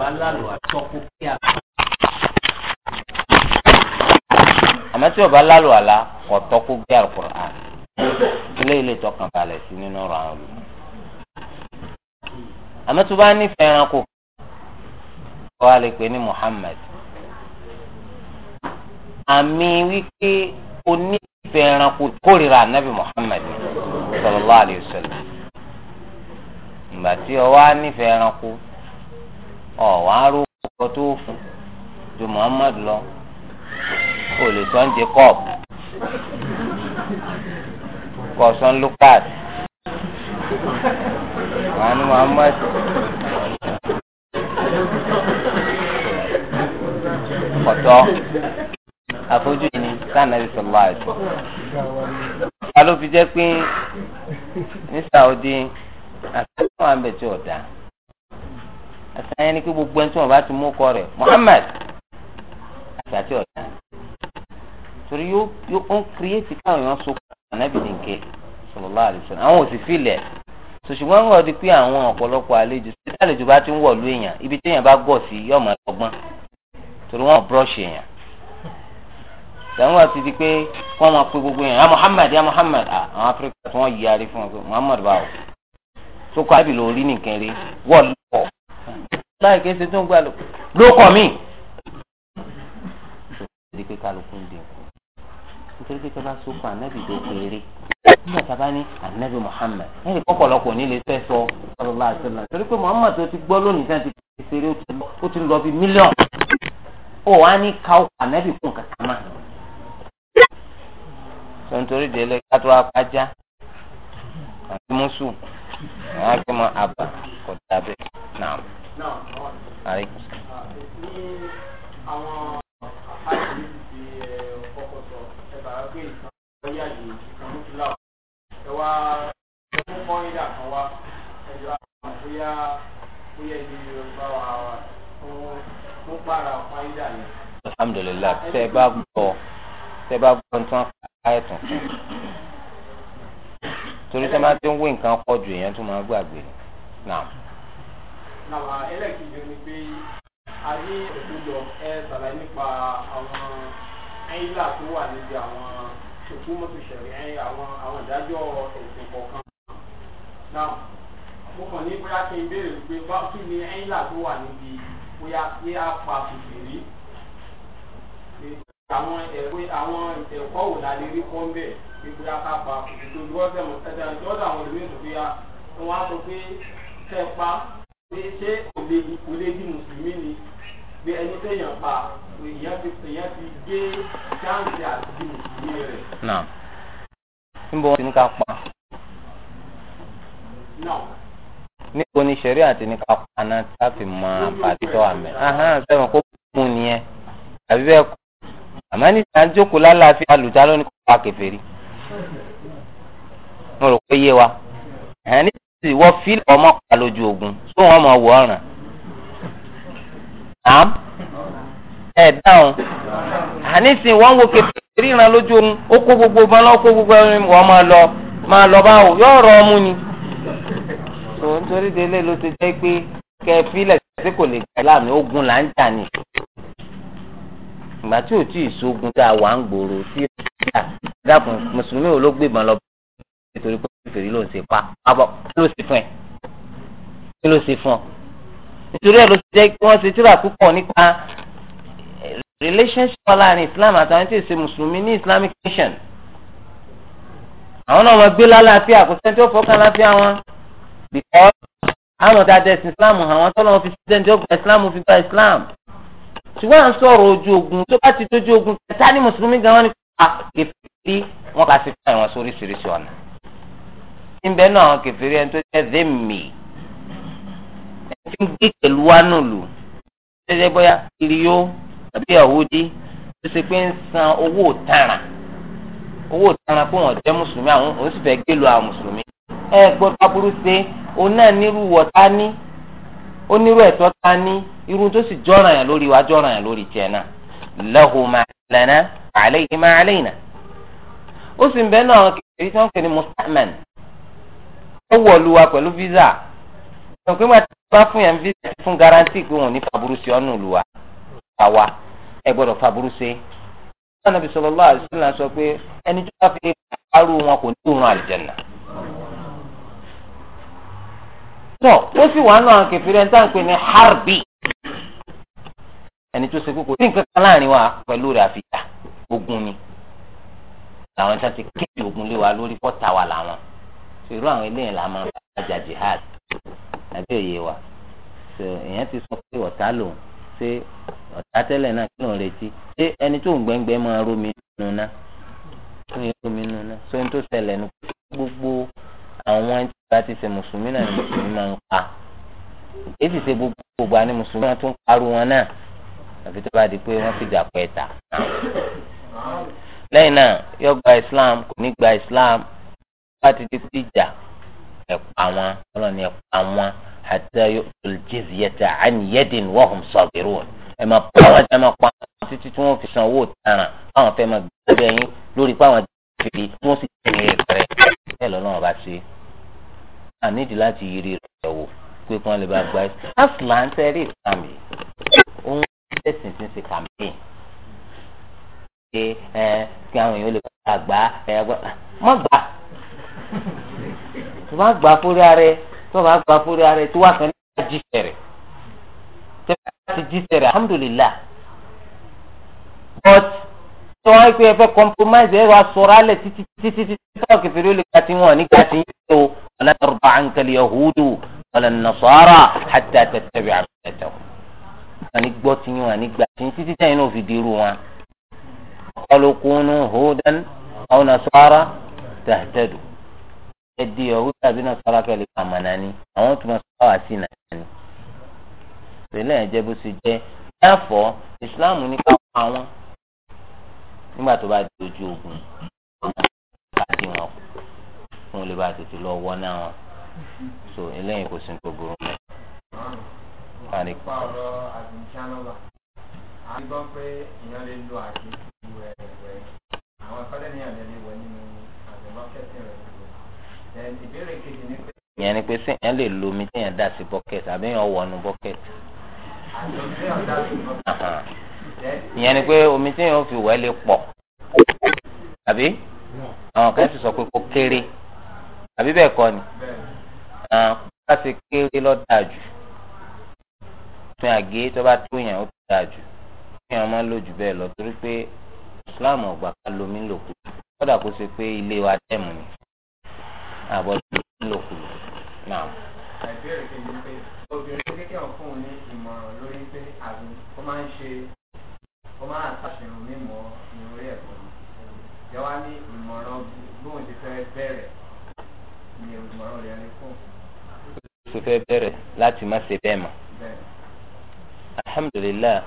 bá lálù àtọ́kù kí a. àmọ́ tí o bá lálù àlá kò tọ́kù bí alukur'an ilé ilé tọkàn balẹ̀ sí nínú ọ̀rọ̀ àwọn olùkọ́. àmọ́ tí o bá nífẹ̀ẹ́ ẹranko kọ́ a lè pè ní Muhammad. àmì wípé o nífẹ̀ẹ́ ẹranko kórìíra anabi Muhammad sallallahu alayhi wa sallam. ìgbà tí o wá nífẹ̀ẹ́ ẹranko ọ̀wá aró ọkọ tó fún ju Muhammad lọ o lè sọ ń di cup kọ sọ ń lucas wà ní Muhammad. Kọ̀tọ́ àfojú ni sànàbí sọlá ẹ̀sọ́. Ta ló fi jẹ́ pé ní Saudi àti àwọn àmì tí ò àṣà yẹn ni pé gbogbo ẹni tí wọn bá ti mú kọ rẹ Muhammad àṣà tí ọ̀dà torí yóò ó ń kírẹ́tì káwọn èèyàn so ànábì nìkẹ́ sallallahu alaihi wasallam àwọn ò sì filẹ̀ sòṣùgbọ́n wọn di pé àwọn ọ̀pọ̀lọpọ̀ àlejò tí àlejò bá ti ń wọ̀ lú èèyàn ibi téèyàn bá gọ̀ sí yóò máa lọ́gbọ́n torí wọn búrọ́ọ̀ṣì èèyàn sàwọn àti di pé wọn máa pe gbogbo èèyàn ya Muhammad ya Muhammad ah, àwọn Áfíríkà tí wọn yí arí fún wọn pé báwo tó kọ àbí nìkan rí wọ́ọ̀lù pọ̀ báyìí kìí ṣe tó ń gbà lò ló kọ̀ mí. ìdí pé kálukú ń dín kù nítorí pé tọ́ba sọ́kọ̀ ànábì tó péré nígbà tá a bá ní ànábì Muhammad ẹnì kọ́kọ́lọ́kọ́ ní ilé fẹ́ sọ sallallahu alaihi wasallam torí pé Muhammad tó ti gbọ́ lónìí náà ti fi ṣeré ó ti lọ bí mílíọ̀nù ó wá ní káwọ́ ànábì kún kankan náà. sọ nítorí délé kátó apájá àti mùsùlùmí àwọn akẹ́mọ̀ àbá kò dábẹ́ náà. bá gbọ́ tẹ́ bá gbọ́ tí wọ́n ká ẹ̀tàn fún torí sẹ́ máa ti ń wé nǹkan pọ̀ ju èèyàn tó máa gbàgbé náà. nàwa ẹlẹ́kìnjọ ni pé a ní òkúdọ̀ ẹ sàlàyé nípa àwọn ẹ̀yìnlá tó wà níbi àwọn òkú mọ́tò ṣẹ̀rí ẹ̀yìn àwọn àwọn ìdájọ́ ẹ̀sìn kọ̀ọ̀kan. náà mo kàn ní bóyá kí n béèrè pé bá kí ni ẹ̀yìnlá tó wà níbi bóyá kí á pa fìfì àwọn ẹ̀wé àwọn ẹ̀kọ́ wò la lè rí fún bẹ́ẹ̀ gbogbo akápa kòtò ìlú ọ̀sẹ̀ mọ̀tẹ́tẹ́ àti ọ̀dọ̀ àwọn ìlú ètò bíyà wọn á sọ pé tẹ́ pa pé ṣé kò lè di mùsùlùmí ni pé ẹni tẹ̀yàn pa èèyàn ti èèyàn ti gé chance àti di mùsùlùmí rẹ̀. náà níbo wọn ti ní ká pa. níbo ni sẹ̀rí àti ní ká pa náà láti mọ àbàtì tó wà mẹ́. sẹ́wọ̀n kó kún un àmọ́ ní sàn jókòó lálàáfíà àlùjá lónìí kó pa kèfèrí mo rò pé yé wa ẹ̀ ní sì wọ́n fílẹ̀ ọmọ pa lójú ogun tó wọ́n mọ̀ wọ́ ọ̀ràn àm ẹ̀ dáhùn àníṣe wọ́n wo kèfèrí ìran lójú ogun ó kó gbogbo bá lọ́ kó gbogbo ẹ̀rín wọ́n máa lọ máa lọ báwo yóò rọ ọmú ni tòun torí délé ló ti jẹ́ pé kẹ́ fílẹ̀ sí lè jẹ́ láàmì ogun là ń jà ní ìgbà tí ò tí ì sógun tá a wà ń gbòòrò sí ìgbà dákun mùsùlùmí ò ló gbébọn lọ nítorí pé kèfèrí ló ń ṣe pa àbọ kí ló ṣe fún ẹ kí ló ṣe fún ọ nítorí ẹ ló ṣe jẹ́ kí wọ́n ṣe tíra púpọ̀ nípa relationship láàrin islam àtàwọn tí ì ṣe mùsùlùmí ní islamic nation àwọn náà wọ́n gbé lálàáfíà kò tí ó fọkàn láfíà wọn because àwọn ọ̀dà dẹ̀sìn islam àwọn tọ́lọ́ wọn fi sẹ́ni tí ó gba islam fi gba islam ṣùgbọ́n à ń sọ̀rọ̀ ojú ogun tó bá ti dojú ogun ẹ̀ta ní mùsùlùmí gan-an ni kò kẹfìrí wọn kà sí fún àwọn sóríṣiríṣi ọ̀nà. níbẹ̀ náà àwọn kẹfìrí ẹni tó jẹ́ zèmí ẹni tí ń gbé pẹ̀lú wánú lù ṣẹ́ṣẹ́ bóyá kiriyó tàbí ọ̀wúdí tó ṣe pé ń san owó òtaràn owó òtaràn pé wọ́n jẹ́ mùsùlùmí àwọn òun fẹ́ gbé àwọn mùsùlùmí. ẹ gbọ́dọ̀ ó nírú ẹ̀tọ́ ta ní irun tó sì jọ́ràn yàn lórí wa jọ́ràn yàn lórí tiẹ̀ náà lahu ma lana alayhi ma alayna ó sì ń bẹ náà kìí tí wọ́n pè ní musta'man ó wọ̀ wa pẹ̀lú visa ìwọ̀n pé ti bá fún yàn visa fún garanti pé wọn ò ní faburú sí ọ́nù lu wa àwa ẹ gbọ́dọ̀ faburú sí. Ànábì sallallahu alaihi wasallam sọ pé ẹni tó bá fi parú wọn kò ní òun àlùjànnà. tọ ó sì wà nù àwọn kẹfìrẹ ń tàn pé ní harbi ẹni tó ṣe kókó sí nǹkan kan láàrin wa pẹ̀lú rẹ̀ àfìyà ogun ni làwọn ìṣàtì kéde ogun lé wa lórí pọ́tà wa làwọn ṣèrú àwọn eléyìí là máa ń bá jà jihad àbí òye wa èèyàn ti sọ pé ọ̀tá lòun ṣé ọ̀tá tẹ́lẹ̀ náà kí lòun retí ṣé ẹni tó ń gbẹ́ngbẹ́ máa rómi nùnà tó yẹ rómi nùnà sóyún tó ṣẹlẹ̀ nu gbogbo àwọn ẹni tí a ti ṣe mùsùlùmí náà ni mùsùlùmí máa ń pa èsì ṣe gbogbo gbogbo àni mùsùlùmí náà tún parú wọn náà àfi tó bá di pé wọ́n fìjà pẹ́ ta. lẹ́yìn náà yọ gba islam kò ní gba islam bá ti di ìjà ẹ̀pà wọn ọlọ́ni ẹ̀pà wọn àti olùjẹ́sìyẹ́ta àníyẹ́dìn wọ́hùn sọ̀gẹ̀rún ẹ̀ máa pa wọn ẹ̀ máa pa wọn títí tí wọ́n fi san owó tààràn báwọn fẹ́ máa gbé ẹ̀yìn lórí pé àwọn kiri tí wọ́n sì tẹ̀lé rẹ̀ bẹ́ẹ̀ lọ́lọ́run bá ṣe àníjì láti yiri rẹ̀ wò pé kí wọ́n lè bá gba ẹ̀sìn. asùlà ń tẹ́rí ìsìlám yìí òun ẹ̀sìn ti ń ṣe campaign ṣe ẹ kí àwọn èèyàn lè bá gbà ẹ mọ́ gbà tó bá gbà fúri arẹ tó bá gbà fúri arẹ tó wà kan ní jí sẹ̀rẹ̀ tó ti jí sẹ̀rẹ̀ alhamdulillah tó wọn pe ẹfẹ compromise ẹ wá sọ̀rọ̀ alẹ títí títí títí tó kẹfìrí olè kàtí wọn ní kàtí yìí tó wala tarda anka al-yahudu wala an-nasara hatta tattabi'a millatahum. wọn ní gbọ́ tí wọn ní gbà tí títí tẹ̀yìn náà fi di irú wọn. qalu kunu hudan aw nasara tahtadu. ẹ di yahudu àbí nasara kẹlẹ kàmà nání àwọn tó ma sọ wá sí nání. pẹ̀lú ẹ̀jẹ̀ bó ṣe jẹ́ dáàfọ̀ ìsìláàmù ní ká pa wọn nígbà tó bá di ojú ogun káàdì wọn fún lè bá tètè lọ wọ náà wọn so eléyìí kò sí ní gbogbo rẹ. nípa ọ̀rọ̀ àgbìnṣánlọ́wà a ti gbọ́ pé ìyẹn ni pé sẹ́yìn lè lo omi téèyàn dà sí bọ́kẹ́tì àbí èèyàn wọ̀ ọ́nù bọ́kẹ́tì ìyẹn ni pé omi tí yẹn fi wẹ̀ lè pọ̀ àbí àwọn kan sì sọ pé kó kéré àbí bẹ́ẹ̀ kọ́ ni bá ti kéré lọ dáa jù fún àgé tó bá tó yẹn ó ti dáa jù fún yẹn máa ń lò jù bẹ́ẹ̀ lọ torí pé Islam ọ̀gbà ká lomi lòkù kódà kó ṣe pé ilé wa tẹ̀mù ni àbọ̀ lomi lòkù náà. àìbéèrè kejì ni pé obìnrin kékeré ọ̀fún ní ìmọ̀ràn lórí pé àbí ó máa ń ṣe máa àtàṣìrùn mímọ́ ìròrí ẹ̀kọ́ ni ìyá wa ní ìmọ̀ràn bóun ti fẹ́ bẹ̀rẹ̀ ni ìmọ̀ràn rẹ̀ ní fún. tó fẹ́ bẹ̀rẹ̀ láti má ṣe bẹ́ẹ̀ mọ́. alhamdulilayi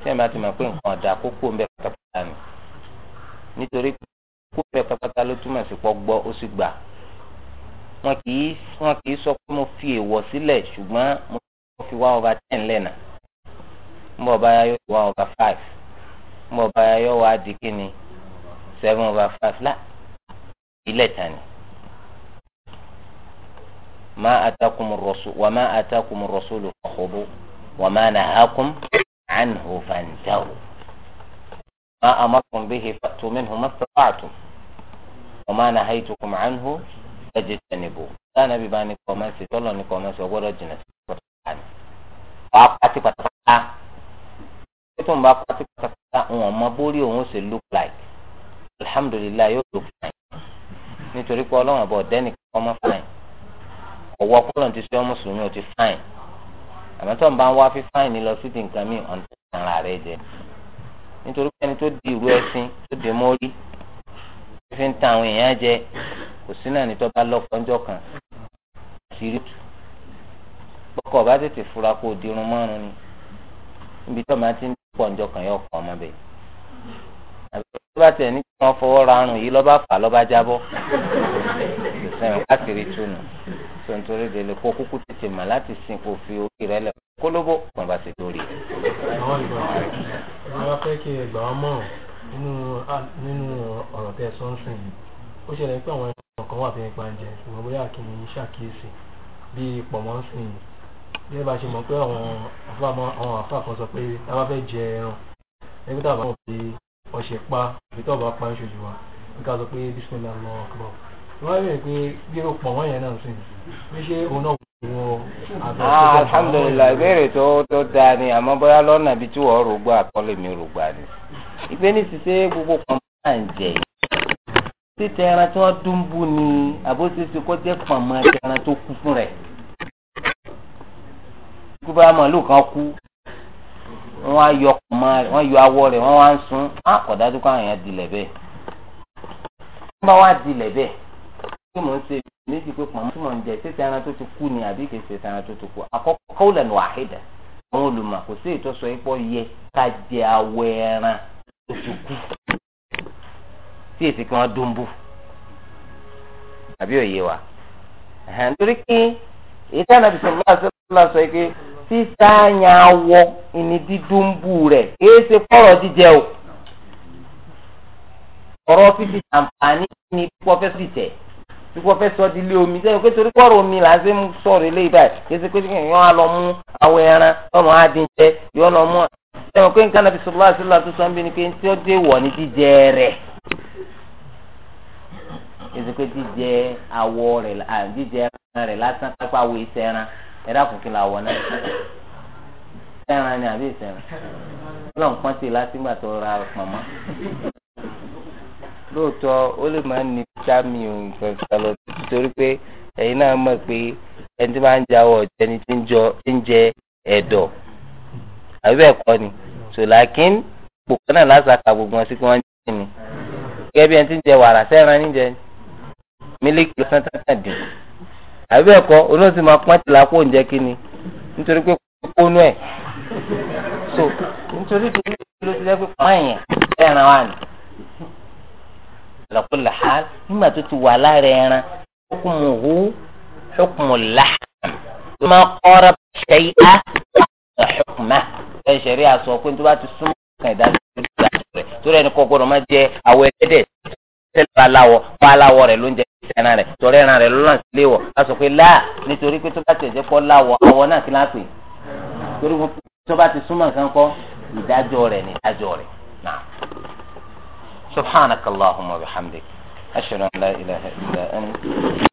tí ẹ̀ máa ti mọ̀ pé nǹkan ọ̀dà kókó ń bẹ pátápátá ni nítorí kó bẹ pátápátá ló túmọ̀ sí pọ́ ó sì gbà wọn kì í wọn kì í sọ pé mo fi èèwọ̀ sílẹ̀ ṣùgbọ́n mo fi wá over ten lẹ́nà mo bá yóò wá over five mo bá yọ wá di kíni seven over five la ilẹ̀ tani ma atakum rasul wa ma atakum rasulu fakhudu wa ma nahakum anhu fantahu ma amakum bihi fatu minhu mastata'tum wa ma nahaytukum anhu fajtanibu lánàá bí bá ní kọ́mẹ́sì tọ́lọ̀ ní kọ́mẹ́sì ọgbọ́dọ̀ jìnnà sí pàtàkì wàá pàtí pàtàkì ká tó ń bá pàtí pàtàkì táwọn ọmọ bórí òun ṣe look like alhamdulilayi yóò look fine nítorí pé ọlọ́run àbọ̀ ọ̀dẹ́nìkan kọ́ mọ́ fine ọ̀wọ́ kọ́lọ̀ ti ṣe ọmọ sùnmí ó ti fine àmọ́ tó ń bá ń wá fí fine lọ sí ti nǹkan mi ọ̀n tó ń ra rẹ̀ jẹ nítorí pé ẹni tó di ìrú ẹṣin tó di mórí tó fi ń ta àwọn èèyàn jẹ kò sí náà ní tó bá lọ́kọ́ ọjọ́ kan sí rí tù bọ́kọ̀ bá tètè fura kó o dirun márùn-ún ni níbi tó máa ti ń pọ̀ ǹjọ kan yóò pọ̀ ọmọ bẹ́ẹ̀. àbẹ̀wò tó bá tẹ̀ ní kí wọ́n fọwọ́ ra arùn yìí lọ́ba fà lọ́ba jábọ́ sẹ́yìn káàkiri túnú tó ń torí délé kó kúkú tètè mà láti sin kó fi orí rẹ lẹ̀ kólóbó kàn bá ti torí. àwọn afẹ́ kí ẹ gbà wọ́n mọ̀ nínú ọ̀rọ̀ tẹ sọ́nsìn yìí ó ṣẹlẹ̀ pé àwọn ẹ̀kọ́ kan wà tó pa ń jẹ ṣùgbọ́n bóyá kì í ṣàkíyèsí bíi pọ̀mọ́sìn yìí ní ẹ bá ṣe mọ̀ pé àwọn àfa àwọn àfa kan sọ pé tá bá fẹ́ jẹ ẹran ẹbí tá a bá mọ̀ pé ọṣẹ pa àbí tá a bá pa ń ṣojú wa nǹkan sọ pé bísímìlà lọ ọkọ wọ́n rí pé bí ó pọ̀ wọ́n yẹn náà sí ni ṣé òun náà ah, alhamdulilayi ìbéèrè tó tó dáa ni àmọ́ bóyá lọ́nà bíi tí wọ́n rò gbọ́ àkọlé mi rò gbà ni. ìgbé ní ṣiṣẹ́ gbogbo kan máa ń jẹ títẹ ẹran tí wọ́n dún bú ni àbóṣeṣe kó jẹ́ pọ̀nmọ́ ẹran tó kú fún rẹ̀ kú bá màálù kan kú wọ́n á yọ ọmọ rẹ̀ wọ́n yọ awọ rẹ̀ wọ́n wá ń sun á kọ̀ dájú kó àwọn èèyàn dilẹ̀ bẹ́ẹ̀ wọ́n bá wá dilẹ̀ bẹ́ẹ̀ kí mò ń ṣe méjì pé pàmò tí mò ń jẹ ṣé ti ẹran tó ti kú ni àbí kì í ṣe ti ẹran tó ti kú àkọ́kọ́ qawlan wahida àwọn olùmọ̀ kò sí ìtọ́sọ ipò yẹ ká jẹ awọ ẹran tó ti kú tí èsì kí wọ́n dún àbí òye wa nítorí kí ìtàn àbísọ̀ sísáyà wọ ìní dídúnbù rẹ̀ kìí ṣe kọ́rọ̀ jíjẹ o ọ̀rọ̀ fífi àǹfààní ni púpọ̀ fẹ́ fi tẹ̀ púpọ̀ fẹ́ sọ dílé omi sẹ́yìn pé torí kọ́rọ̀ omi là ń ṣe mú sọ̀rọ̀ ilé ibà kìí ṣe pé yọ́n á lọ mú àwọn ẹran ọmọ adìjẹ yọ́n lọ mú sẹ́yìn pé nǹkan nàbí sọ̀rọ̀ láti sọ̀rọ̀ àtúnṣe ọ̀nbí ni pé tí ó dé wọ̀ ní jíjẹ rẹ̀ kìí ṣe pé jíjẹ awọ rẹ̀ jíjẹ rẹ̀ lásán kápá wo ìṣẹ́ran ẹ̀dá kùkì là wọ̀ náà ẹran ni àbí ìsẹ̀rìn ọlọ́run pọ́n sí i látìgbà tó ra pọ̀nmọ́ lóòótọ́ ó lè máa ń ní sámi nǹkan kan lọ torí pé ẹ̀yin náà mọ̀ pé ẹni tí máa ń jáwọ́ ọ̀jẹ̀ni tí ń jẹ ẹ̀dọ̀ àbí bẹ́ẹ̀ kọ́ ni sòlákín gbogbo náà lásàkà gbogbo wọn sí pé wọ́n ń jẹ́ ni gẹ́gẹ́ bí ẹni tí ń jẹ wàrà sẹ́ran ní jẹ mílíkì lọ́sàn-án tàǹdì àbí ẹ̀kọ́ oníwọ̀n sì máa pọ́n tìlà kó ń jẹ́ kínni nítorí pé kónú ẹ̀ so nítorí pé ló ti lẹ́gbẹ̀ẹ́ pọ́n yẹn ẹran wa ni lọ́kùn làá nígbà tó ti wà lára ẹran hukmuhu hukmu lahm ló máa kọ́ra shay'an hukmuhu ẹ̀ ṣẹ̀rí àṣọ pé tó bá ti súnmọ́ kan ìdájọ́ tó rẹ̀ ní kọ́kọ́rọ́ máa jẹ àwọ̀ ẹ̀dẹ̀ tẹ́lẹ̀ aláwọ̀ fún aláwọ̀ rẹ̀ ló ń jẹ ẹran rẹ torí ẹran rẹ lọ́nà sílé wọ̀ a sọ pé láà nítorí pé tó bá tẹ̀ jẹ́ kọ́ láwọ̀ àwọ̀ náà kí n á pè torí tó bá ti súnmọ́ nǹkan kọ́ ìdájọ́ rẹ̀ ní ìdájọ́ rẹ̀ náà. subhanakallahumma wa bihamdik ashhadu an la ilaha illa anta.